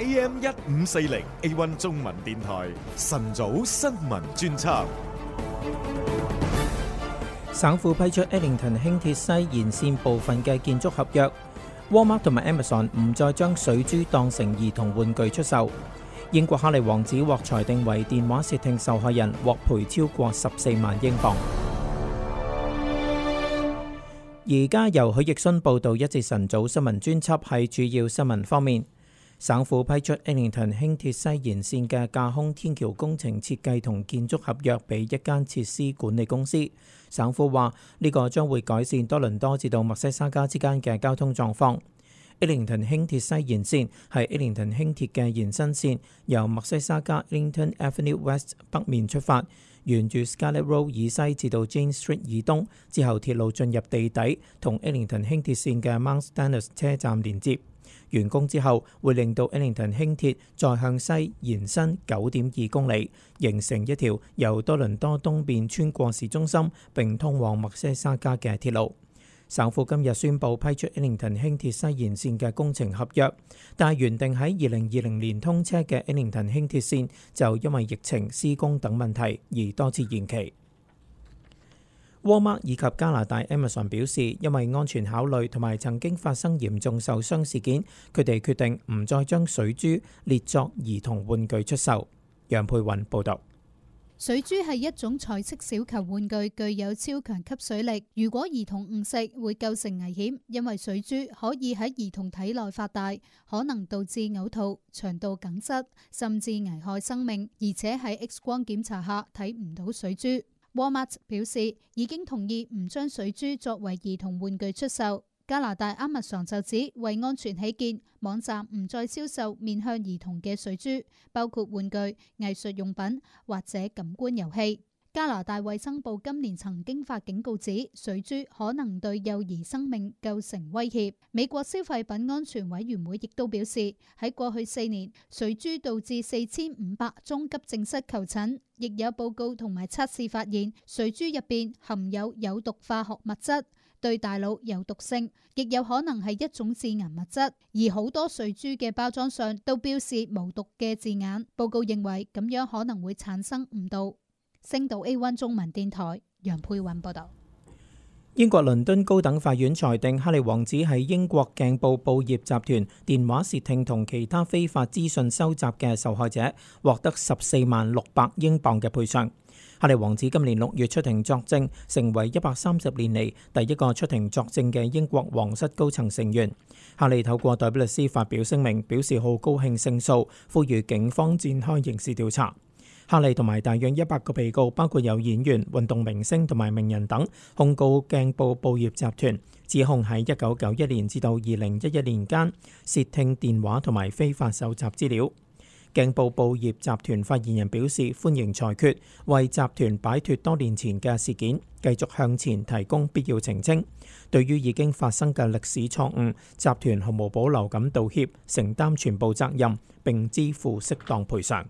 AM 一五四零，A One 中文電台晨早新聞專輯。省府批出艾靈頓輕鐵西延線部分嘅建築合約。沃爾瑪同埋 Amazon 唔再將水珠當成兒童玩具出售。英國哈利王子獲裁定為電話竊聽受害人，獲賠超過十四萬英鎊。而家由許奕迅報道一節晨早新聞專輯，喺主要新聞方面。省府批出艾靈頓輕鐵西延線嘅架空天橋工程設計同建築合約，俾一間設施管理公司。省府話呢個將會改善多倫多至到墨西沙加之間嘅交通狀況。艾靈頓輕鐵西延線係艾靈頓輕鐵嘅延伸線，由墨西沙加艾靈頓 Avenue West 北面出發，沿住 Scarlet Road 以西至到 Jane Street 以東，之後鐵路進入地底，同艾靈頓輕鐵線嘅 Mount Dennis 車站連接。完工之後，會令到艾靈頓輕鐵再向西延伸九點二公里，形成一條由多倫多東邊穿過市中心並通往密西沙加嘅鐵路。省府今日宣布批出艾靈頓輕鐵西延線嘅工程合約，但係原定喺二零二零年通車嘅艾靈頓輕鐵線就因為疫情、施工等問題而多次延期。沃爾瑪以及加拿大 Amazon 表示，因為安全考慮同埋曾經發生嚴重受傷事件，佢哋決定唔再將水珠列作兒童玩具出售。楊佩雲報道，水珠係一種彩色小球玩具，具有超強吸水力。如果兒童誤食，會構成危險，因為水珠可以喺兒童體內發大，可能導致嘔吐、腸道梗塞，甚至危害生命。而且喺 X 光檢查下睇唔到水珠。Walmart 表示已經同意唔將水珠作為兒童玩具出售。加拿大 Amazon 就指，為安全起見，網站唔再銷售面向兒童嘅水珠，包括玩具、藝術用品或者感官遊戲。加拿大衛生部今年曾經發警告，指水珠可能對幼兒生命構成威脅。美國消費品安全委員會亦都表示，喺過去四年，水珠導致四千五百宗急症室求診，亦有報告同埋測試發現，水珠入面含有有毒化學物質，對大腦有毒性，亦有可能係一種致癌物質。而好多水珠嘅包裝上都標示無毒嘅字眼，報告認為咁樣可能會產生誤導。星島 A1 中文電台楊佩雲報道：英國倫敦高等法院裁定，哈利王子係英國鏡報報業集團電話竊聽同其他非法資訊收集嘅受害者，獲得十四萬六百英鎊嘅賠償。哈利王子今年六月出庭作證，成為一百三十年嚟第一個出庭作證嘅英國皇室高層成員。哈利透過代表律師發表聲明，表示好高興勝訴，呼籲警方展開刑事調查。哈利同埋大約一百個被告，包括有演員、運動明星同埋名人等，控告鏡報報業集團，指控喺一九九一年至到二零一一年間竊聽電話同埋非法搜集資料。鏡報報業集團發言人表示歡迎裁決，為集團擺脱多年前嘅事件，繼續向前提供必要澄清。對於已經發生嘅歷史錯誤，集團毫無保留咁道歉，承擔全部責任，並支付適當賠償。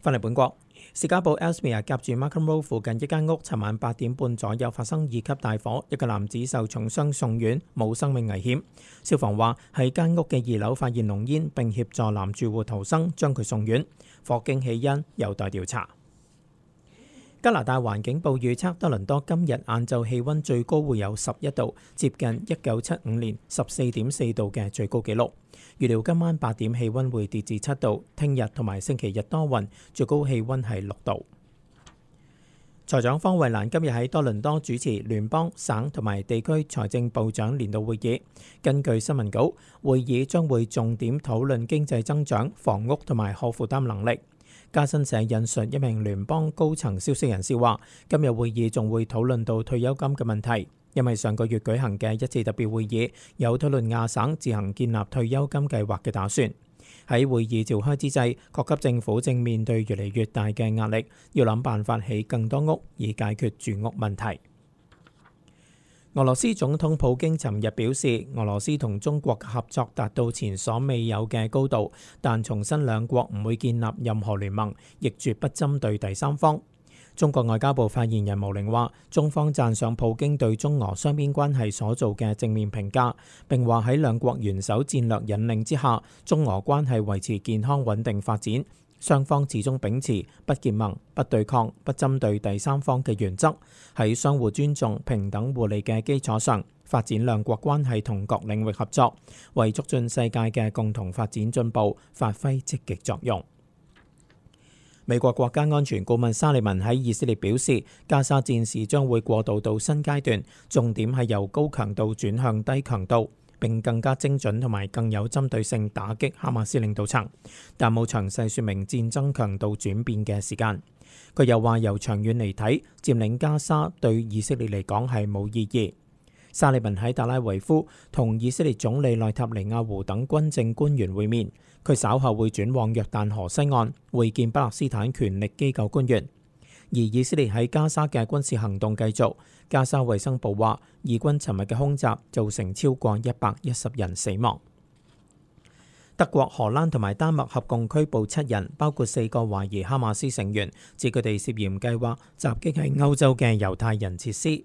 翻嚟本國，士嘉堡 Ellesmere 夾住 Markham Road 附近一間屋，尋晚八點半左右發生二級大火，一個男子受重傷送院，冇生命危險。消防話喺間屋嘅二樓發現濃煙，並協助男住戶逃生，將佢送院。火警起因有待調查。加拿大環境部預測，多倫多今日晏晝氣温最高會有十一度，接近一九七五年十四點四度嘅最高紀錄。預料今晚八點氣温會跌至七度，聽日同埋星期日多雲，最高氣温係六度。財長方慧蘭今日喺多倫多主持聯邦、省同埋地區財政部長年度會議，根據新聞稿，會議將會重點討論經濟增長、房屋同埋可負擔能力。加新社引述一名聯邦高層消息人士話：今日會議仲會討論到退休金嘅問題，因為上個月舉行嘅一次特別會議有討論亞省自行建立退休金計劃嘅打算。喺會議召開之際，各級政府正面對越嚟越大嘅壓力，要諗辦法起更多屋以解決住屋問題。俄羅斯總統普京尋日表示，俄羅斯同中國合作達到前所未有嘅高度，但重申兩國唔會建立任何聯盟，亦絕不針對第三方。中國外交部發言人毛寧話，中方讚賞普京對中俄雙邊關係所做嘅正面評價，並話喺兩國元首戰略引領之下，中俄關係維持健康穩定發展。雙方始終秉持不結盟、不對抗、不針對第三方嘅原則，喺相互尊重、平等互利嘅基礎上發展兩國關係同各領域合作，為促進世界嘅共同發展進步發揮積極作用。美國國家安全顧問沙利文喺以色列表示，加沙戰事將會過渡到新階段，重點係由高強度轉向低強度。並更加精準同埋更有針對性打擊哈馬斯領導層，但冇詳細説明戰爭強度轉變嘅時間。佢又話：由長遠嚟睇，佔領加沙對以色列嚟講係冇意義。沙利文喺特拉維夫同以色列總理內塔尼亞胡等軍政官員會面，佢稍後會轉往約旦河西岸會見巴勒斯坦權力機構官員。而以色列喺加沙嘅軍事行動繼續。加沙衛生部話，以軍尋日嘅空襲造成超過一百一十人死亡。德國、荷蘭同埋丹麥合共拘捕七人，包括四個懷疑哈馬斯成員，指佢哋涉嫌計劃襲擊喺歐洲嘅猶太人設施。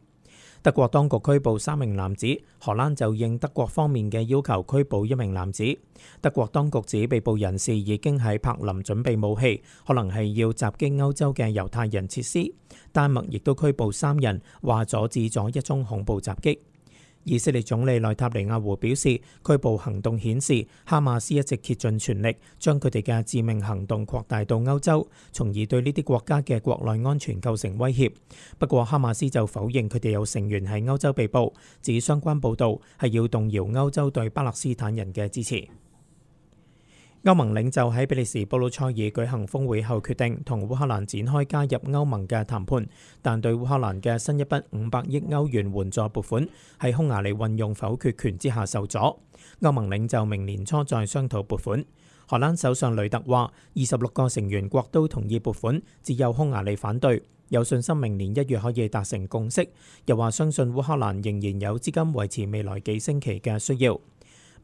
德國當局拘捕三名男子，荷蘭就應德國方面嘅要求拘捕一名男子。德國當局指被捕人士已經喺柏林準備武器，可能係要襲擊歐洲嘅猶太人設施。丹麥亦都拘捕三人，話阻止咗一宗恐怖襲擊。以色列總理內塔尼亞胡表示，拘捕行動顯示哈馬斯一直竭盡全力，將佢哋嘅致命行動擴大到歐洲，從而對呢啲國家嘅國內安全構成威脅。不過，哈馬斯就否認佢哋有成員喺歐洲被捕，指相關報導係要動搖歐洲對巴勒斯坦人嘅支持。歐盟領袖喺比利時布魯塞爾舉行峰會後，決定同烏克蘭展開加入歐盟嘅談判，但對烏克蘭嘅新一筆五百億歐元援助撥款喺匈牙利運用否決權之下受阻。歐盟領袖明年初再商討撥款。荷蘭首相雷特話：二十六個成員國都同意撥款，只有匈牙利反對，有信心明年一月可以達成共識。又話相信烏克蘭仍然有資金維持未來幾星期嘅需要。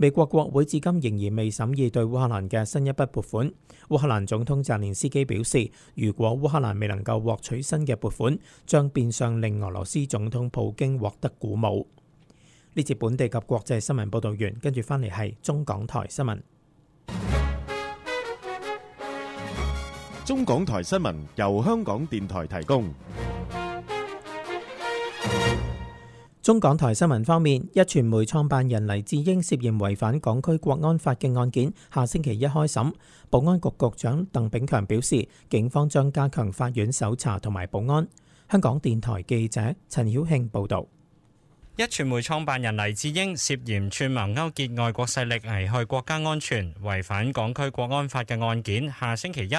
美國國會至今仍然未審議對烏克蘭嘅新一筆撥款。烏克蘭總統澤連斯基表示，如果烏克蘭未能夠獲取新嘅撥款，將變相令俄羅斯總統普京獲得鼓舞。呢節本地及國際新聞報道完，跟住翻嚟係中港台新聞。中港台新聞由香港電台提供。中港台新聞方面，壹傳媒創辦人黎智英涉嫌違反港區國安法嘅案件，下星期一開審。保安局局長鄧炳強表示，警方將加強法院搜查同埋保安。香港電台記者陳曉慶報導，壹傳媒創辦人黎智英涉嫌串謀勾結外國勢力，危害國家安全，違反港區國安法嘅案件，下星期一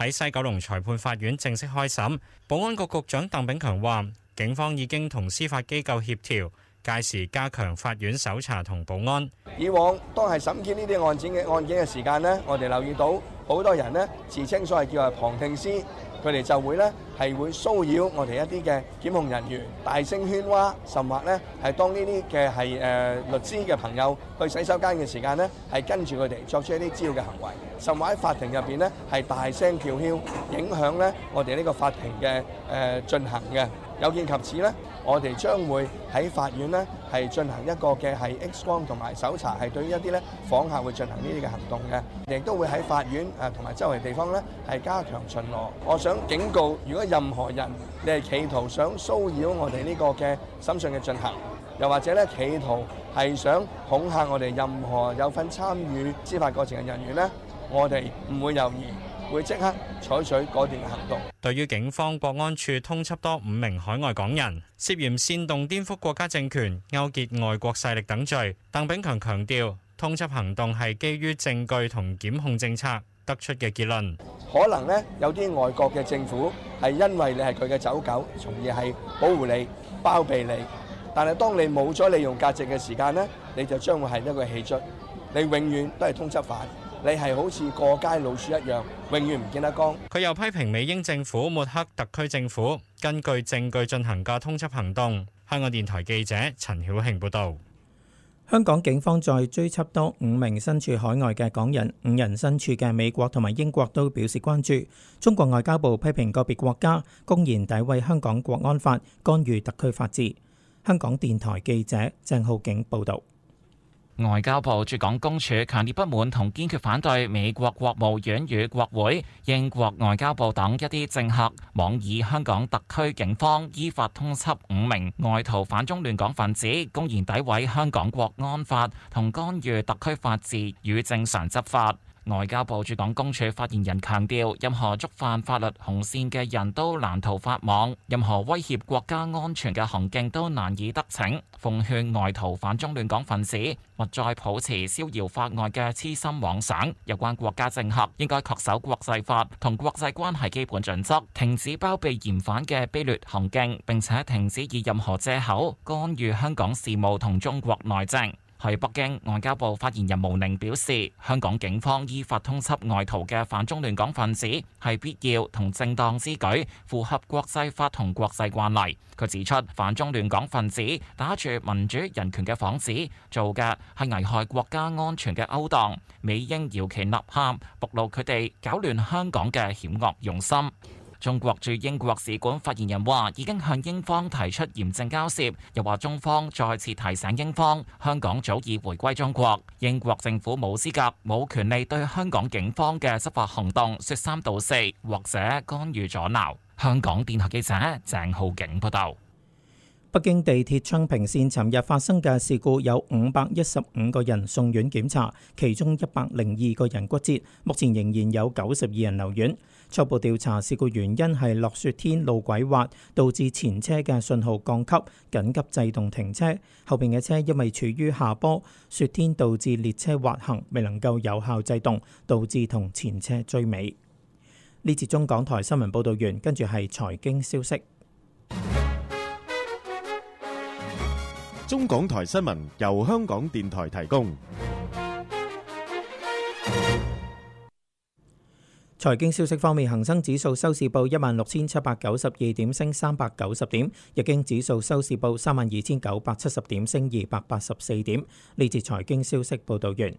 喺西九龍裁判法院正式開審。保安局局長鄧炳強話。警方已經同司法機構協調，屆時加強法院搜查同保安。以往當係審結呢啲案件嘅案件嘅時間咧，我哋留意到好多人咧自稱所謂叫係旁聽師，佢哋就會咧係會騷擾我哋一啲嘅檢控人員，大聲喧譁，甚或咧係當呢啲嘅係誒律師嘅朋友去洗手間嘅時間咧，係跟住佢哋作出一啲滋擾嘅行為，甚或喺法庭入邊咧係大聲叫囂，影響咧我哋呢個法庭嘅誒進行嘅。有見及此咧，我哋將會喺法院咧係進行一個嘅係 X 光同埋搜查，係對於一啲咧訪客會進行呢啲嘅行動嘅，亦都會喺法院啊同埋周圍地方咧係加強巡邏。我想警告，如果任何人你係企圖想騷擾我哋呢個嘅審訊嘅進行，又或者咧企圖係想恐嚇我哋任何有份參與司法過程嘅人員咧，我哋唔會猶豫。會即刻採取果斷嘅行動。對於警方國安處通緝多五名海外港人，涉嫌煽動顛覆國家政權，勾結外國勢力等罪，鄧炳強強調，通緝行動係基於證據同檢控政策得出嘅結論。你係好似過街老鼠一樣，永遠唔見得光。佢又批評美英政府抹黑特區政府，根據證據進行嘅通緝行動。香港電台記者陳曉慶報導。香港警方再追緝多五名身處海外嘅港人，五人身處嘅美國同埋英國都表示關注。中國外交部批評個別國家公然詆毀香港國安法，干預特區法治。香港電台記者鄭浩景報導。外交部駐港公署強烈不滿同堅決反對美國國務院與國會、英國外交部等一啲政客妄議香港特區警方依法通緝五名外逃反中亂港分子，公然詆毀香港國安法同干預特區法治與正常執法。外交部駐港公署發言人強調，任何觸犯法律紅線嘅人都難逃法網，任何威脅國家安全嘅行徑都難以得逞。奉勸外逃反中亂港分子勿再抱持逍遙法外嘅痴心妄想。有關國家政客應該恪守國際法同國際關係基本準則，停止包庇嫌犯嘅卑劣行徑，並且停止以任何借口干預香港事務同中國內政。喺北京外交部發言人毛寧表示，香港警方依法通緝外逃嘅反中亂港分子係必要同正當之舉，符合國際法同國際慣例。佢指出，反中亂港分子打住民主人權嘅幌子，做嘅係危害國家安全嘅勾當，美英搖旗吶喊，暴露佢哋搞亂香港嘅險惡用心。中國駐英國使館發言人話，已經向英方提出嚴正交涉，又話中方再次提醒英方，香港早已回歸中國，英國政府冇資格、冇權利對香港警方嘅執法行動說三道四，或者干預阻撓。香港電台記者鄭浩景報道。北京地鐵昌平線尋日發生嘅事故，有五百一十五個人送院檢查，其中一百零二個人骨折。目前仍然有九十二人留院。初步調查事故原因係落雪天路軌滑，導致前車嘅信號降級，緊急制動停車。後邊嘅車因為處於下坡，雪天導致列車滑行，未能夠有效制動，導致同前車追尾。呢節中港台新聞報道完，跟住係財經消息。中港台新聞由香港電台提供。財經消息方面，恒生指數收市報一萬六千七百九十二點，升三百九十點；日經指數收市報三萬二千九百七十點，升二百八十四點。呢節財經消息報道完。